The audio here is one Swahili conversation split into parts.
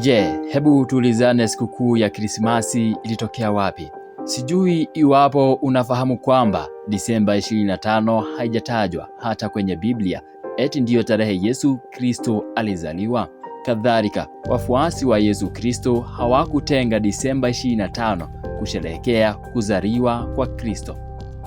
Je, hebu tuulizane, sikukuu ya Krismasi ilitokea wapi? Sijui iwapo unafahamu kwamba Disemba 25 haijatajwa hata kwenye Biblia eti ndiyo tarehe Yesu Kristo alizaliwa. Kadhalika, wafuasi wa Yesu Kristo hawakutenga Disemba 25 kusherehekea kuzaliwa kwa Kristo.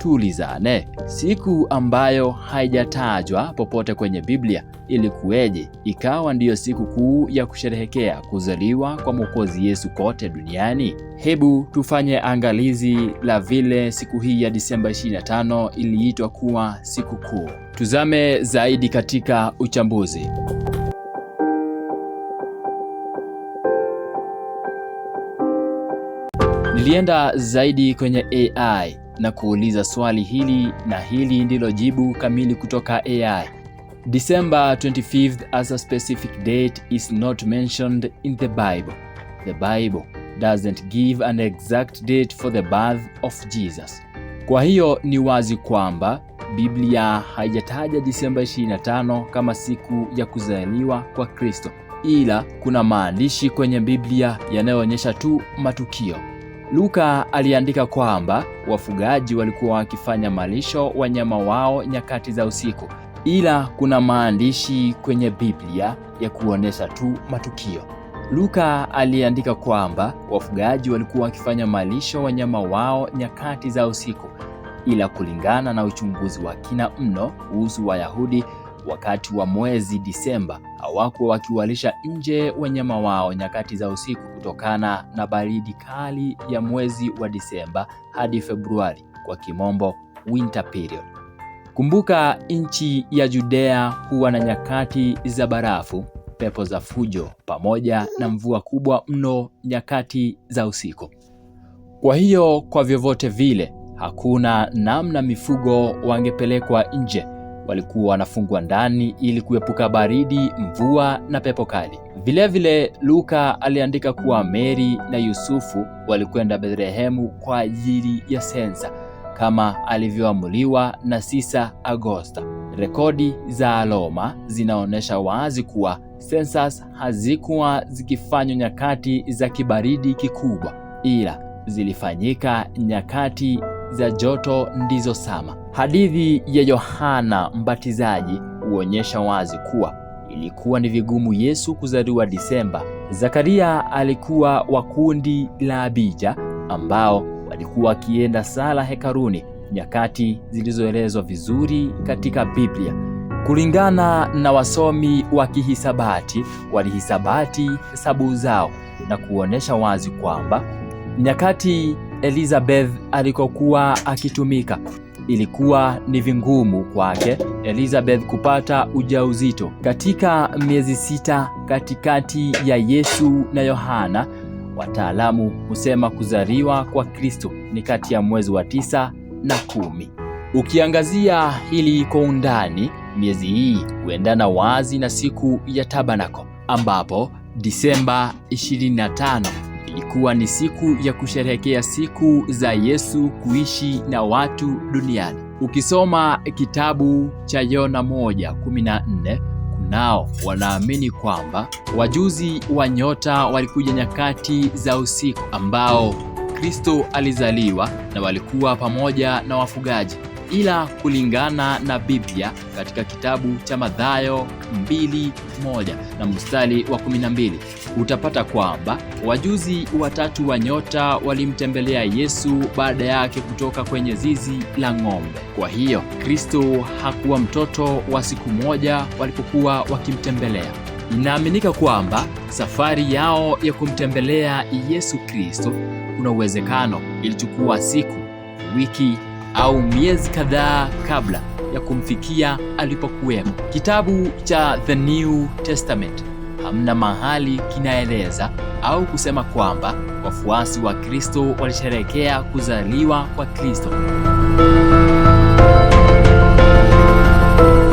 Tulizane. Siku ambayo haijatajwa popote kwenye Biblia ilikuweje, ikawa ndiyo siku kuu ya kusherehekea kuzaliwa kwa Mwokozi Yesu kote duniani? Hebu tufanye angalizi la vile siku hii ya Disemba 25 iliitwa kuwa siku kuu. Tuzame zaidi katika uchambuzi. Nilienda zaidi kwenye AI na kuuliza swali hili na hili ndilo jibu kamili kutoka AI. December 25th as a specific date is not mentioned in the Bible. The Bible doesn't give an exact date for the birth of Jesus. Kwa hiyo ni wazi kwamba Biblia haijataja Disemba 25 kama siku ya kuzaliwa kwa Kristo, ila kuna maandishi kwenye Biblia yanayoonyesha tu matukio. Luka aliandika kwamba wafugaji walikuwa wakifanya malisho wanyama wao nyakati za usiku, ila kuna maandishi kwenye Biblia ya kuonyesha tu matukio. Luka aliandika kwamba wafugaji walikuwa wakifanya malisho wanyama wao nyakati za usiku, ila kulingana na uchunguzi wa kina mno kuhusu Wayahudi wakati wa mwezi Disemba hawakuwa wakiwalisha nje wanyama wao nyakati za usiku kutokana na baridi kali ya mwezi wa Disemba hadi Februari, kwa kimombo winter period. Kumbuka, nchi ya Judea huwa na nyakati za barafu, pepo za fujo, pamoja na mvua kubwa mno nyakati za usiku. Kwa hiyo, kwa vyovyote vile, hakuna namna mifugo wangepelekwa nje walikuwa wanafungwa ndani ili kuepuka baridi, mvua na pepo kali. Vilevile, Luka aliandika kuwa Meri na Yusufu walikwenda Bethlehemu kwa ajili ya sensa kama alivyoamuliwa na Sisa Agosta. Rekodi za Aloma zinaonyesha wazi kuwa sensa hazikuwa zikifanywa nyakati za kibaridi kikubwa, ila zilifanyika nyakati za joto ndizo sama. Hadithi ya Yohana Mbatizaji huonyesha wazi kuwa ilikuwa ni vigumu Yesu kuzaliwa Disemba. Zakaria alikuwa wa kundi la Abija ambao walikuwa wakienda sala hekaruni nyakati zilizoelezwa vizuri katika Biblia. Kulingana na wasomi wa kihisabati, walihisabati sabu zao na kuonyesha wazi kwamba nyakati Elizabeth alikokuwa akitumika ilikuwa ni vingumu kwake Elizabeth kupata ujauzito. Katika miezi sita katikati ya Yesu na Yohana, wataalamu husema kuzaliwa kwa Kristo ni kati ya mwezi wa tisa na kumi. Ukiangazia hili kwa undani, miezi hii huendana wazi na siku ya Tabanako ambapo Disemba 25 Ilikuwa ni siku ya kusherehekea siku za Yesu kuishi na watu duniani. Ukisoma kitabu cha Yona 1:14 kunao wanaamini kwamba wajuzi wa nyota walikuja nyakati za usiku ambao Kristo alizaliwa na walikuwa pamoja na wafugaji ila kulingana na Biblia katika kitabu cha Mathayo 2:1 na mstari wa 12 utapata kwamba wajuzi watatu wa nyota walimtembelea Yesu baada yake kutoka kwenye zizi la ng'ombe. Kwa hiyo Kristo hakuwa mtoto wa siku moja walipokuwa wakimtembelea. Inaaminika kwamba safari yao ya kumtembelea Yesu Kristo kuna uwezekano ilichukua siku, wiki au miezi kadhaa kabla ya kumfikia alipokuwemo. Kitabu cha The New Testament hamna mahali kinaeleza au kusema kwamba wafuasi wa Kristo walisherehekea kuzaliwa kwa Kristo.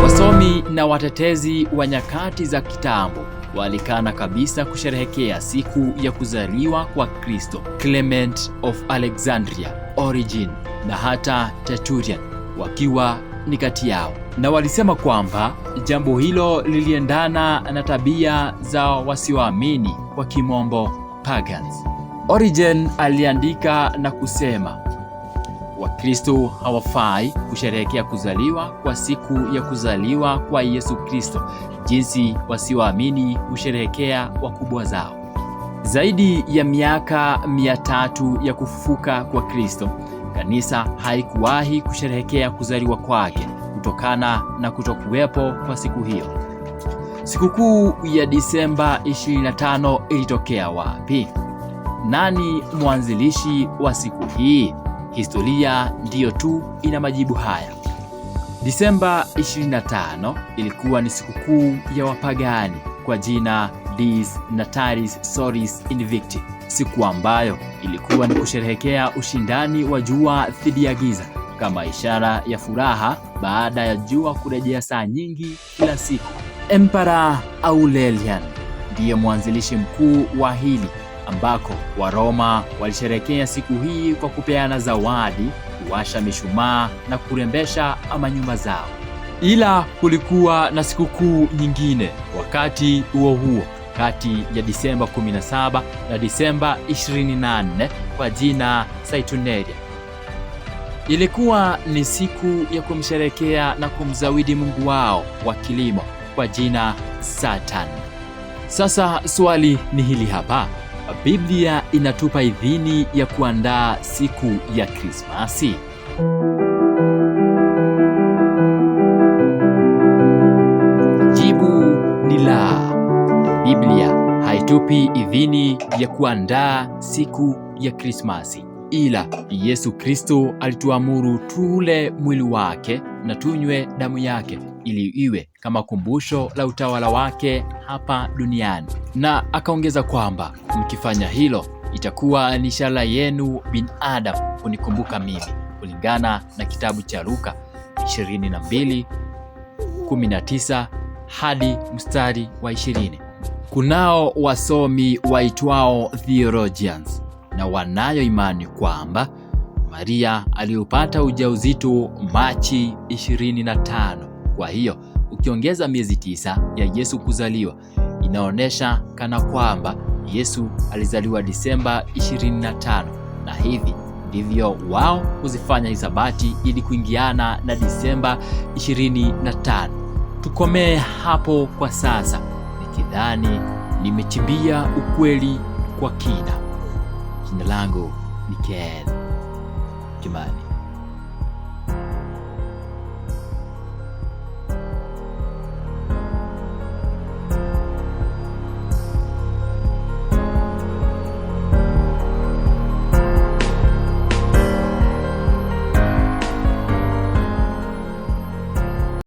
Wasomi na watetezi wa nyakati za kitambo walikana kabisa kusherehekea siku ya kuzaliwa kwa Kristo. Clement of Alexandria Origin na hata Tertullian wakiwa ni kati yao, na walisema kwamba jambo hilo liliendana na tabia za wasioamini kwa kimombo pagans. Origen aliandika na kusema Wakristo hawafai kusherehekea kuzaliwa kwa siku ya kuzaliwa kwa Yesu Kristo jinsi wasioamini husherehekea wakubwa zao. Zaidi ya miaka mia tatu ya kufufuka kwa Kristo, kanisa haikuwahi kusherehekea kuzaliwa kwake kutokana na kutokuwepo kwa siku hiyo. Sikukuu ya Disemba 25 ilitokea wapi? Nani mwanzilishi wa siku hii? Historia ndiyo tu ina majibu haya. Disemba 25 ilikuwa ni sikukuu ya wapagani kwa jina Dis Nataris, Soris Invicti, siku ambayo ilikuwa ni kusherehekea ushindani wa jua dhidi ya giza kama ishara ya furaha baada ya jua kurejea saa nyingi kila siku. Empara Aurelian ndiye mwanzilishi mkuu wa hili ambako Waroma walisherehekea siku hii kwa kupeana zawadi, kuwasha mishumaa na kurembesha ama nyumba zao. Ila kulikuwa na sikukuu nyingine wakati huo huo kati ya Disemba 17 na Disemba 28 kwa jina Saturnalia. Ilikuwa ni siku ya kumsherekea na kumzawidi mungu wao wa kilimo kwa jina satan Sasa swali ni hili hapa. Biblia inatupa idhini ya kuandaa siku ya Krismasi? hawapi idhini ya kuandaa siku ya Krismasi, ila Yesu Kristo alituamuru tule mwili wake na tunywe damu yake ili iwe kama kumbusho la utawala wake hapa duniani, na akaongeza kwamba mkifanya hilo itakuwa ni ishara yenu binadamu kunikumbuka mimi, kulingana na kitabu cha Luka 22:19 hadi mstari wa 20. Kunao wasomi waitwao theologians na wanayo imani kwamba Maria aliupata ujauzito Machi 25. Kwa hiyo ukiongeza miezi tisa ya Yesu kuzaliwa inaonyesha kana kwamba Yesu alizaliwa Disemba 25, na hivi ndivyo wao huzifanya hisabati ili kuingiana na Disemba 25. Tukomee hapo kwa sasa nikidhani nimechimbia ukweli kwa kina. Jina langu ni Ken Kimani.